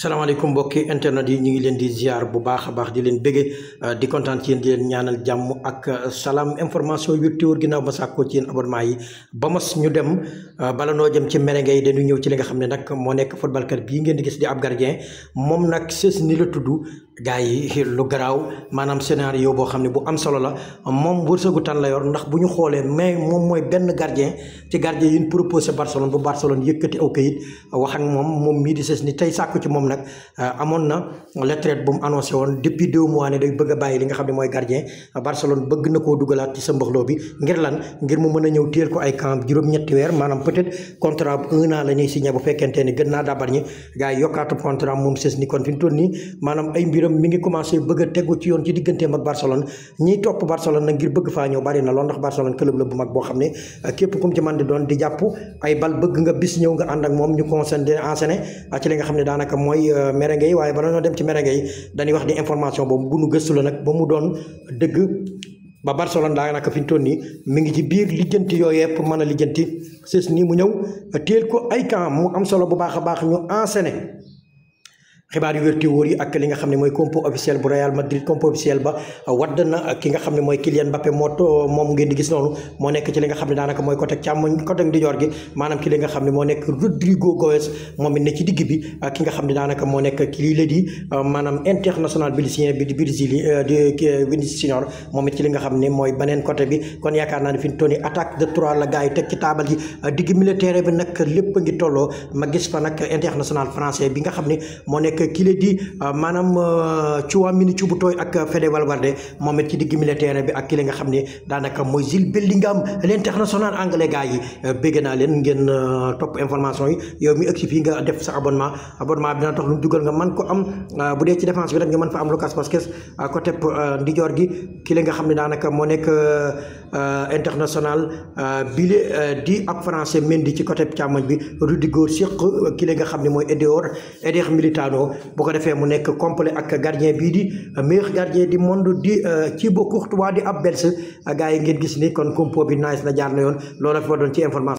salaamaaleykum mbokki internet yi ñu ngi leen di ziar bu baax a baax di leen bëggee euh, di kontaan ci yéen di leen ñaanal jàmm ak euh, salaam information yu teewul ginnaaw ba sàkkoo ci yéen abonnement yi ba mas ñu dem euh, bala noo jëm ci merengue yi dañu ñëw ci li nga xam ne nag moo nekk footballkat bii ngeen di gis di ab gardien moom nag sës ni la tudd gaa yi lu garaaw maanaam scénario boo xam ne bu am solo la moom wërsëgu tan la yor ndax bu ñu xoolee mais moom mooy benn gardien ci gardien yi ñu proposé Barcelone bu Barcelone yëkkati aw kayit wax moom moom mii di sës ni tey sàkku ci moom nag euh, amoon na retraite bu mu annoncé woon depuis deux mois ne day bëgg a bàyyi li nga xam ne mooy gardien Barcelone bëgg na koo dugalaat ci sa mbaxloo bi ngir lan ngir mu mën a ñëw téel ko ay camp juróom-ñetti weer maanaam peut-être contrat bu un an la ñuy signé naa dabar ñi gaa yi yokkaatu contrat mbiram mi ngi commencé bëgg a tegu ci yoon ci digganteem ak Barcelone ñiy topp Barcelone nag ngir bëgg faa ñëw bari na lool ndax Barcelone club la bu mag boo xam ne ah, képp kum ci man di doon di jàpp ay bal bëgg nga bis ñëw nga ànd ak moom ñu concentré enseigné ah, ci li nga xam ne daanaka mooy euh, merengue yi waaye bala ñoo dem ci merengue yi dañuy wax di information boobu gunu gëstu la nag ba mu doon dëgg ba Barcelone daanaka fi ñu toll nii mi ngi ci biir lijjanti yooyee pour mën a lijjanti sës nii mu ñëw ah, teel ko ay camp mu am solo bu baax a baax ñu enseigné xibaar yu wér te wóor yi ak li nga xam ne mooy compo officiel bu Real Madrid compo officiel ba uh, wadd na uh, ki nga xam ne mooy Kylian Mbappé moo uh, moom moo nekk ci li nga xam maanaam ki li bi ki nga di di di Vinicius moom it ci li nga xam ne mooy beneen côté bi kon yaakaar naa ne fi mu attaque de trois la gars teg ci taabal ji digg militaire bi nag lépp a ngi tolloo ma gis fa nag international français bi nga xam ne moo nekk nekk kile di euh, maanaam euh, Tchouaméni Choupo-Moting ak Fede Valverde moom it ci digg militaire bi ak kile nga xam ne daanaka mooy Jude Bellingham l'international anglais gars yi euh, bégg naa leen ngeen topp information yi yow mi agsi fii nga def sa abonnement abonnement bi dina tax lu dugal nga mën ko am bu dee ci défense bi nag nga mën fa am Lucas Vázquez côté ndijoor gi kile nga xam ne daanaka moo nekk international bile di ab français Mendy ci côté càmmoñ bi Rudiger Seck kile nga xam ne mooy Édouard Éder Militão Falcao bu ko defee mu nekk complet ak gardien bii di euh, meilleur gardien du monde di euh, Thibaut Courtois di ab Belge gars yi ngeen gis ni kon compo bi nice na jaar na yoon loolu la fi ma doon ci information